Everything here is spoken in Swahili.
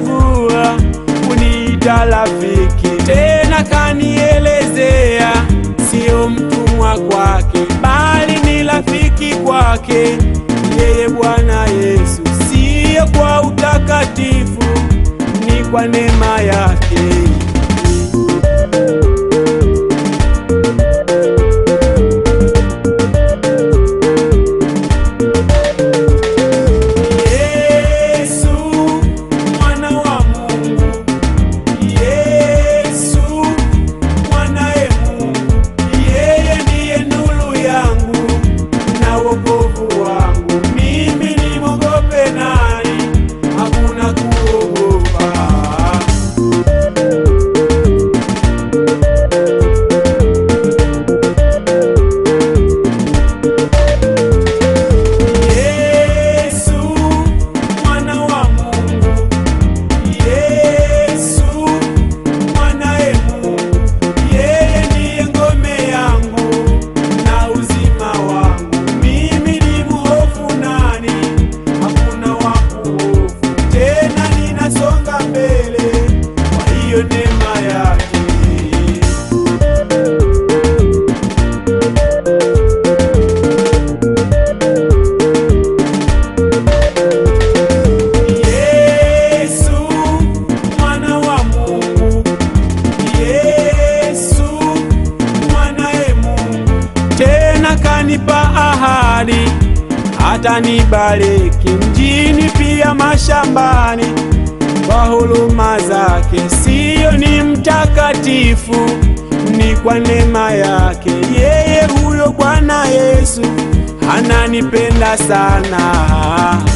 kunichagua kuniita rafiki, tena kanielezea sio mtumwa kwake, bali ni rafiki kwake yeye Bwana Yesu, siyo kwa utakatifu, ni kwa neema yake. atanibariki mjini pia mashambani, kwa huruma zake, siyo ni mtakatifu, ni kwa neema yake yeye huyo Bwana Yesu ananipenda sana.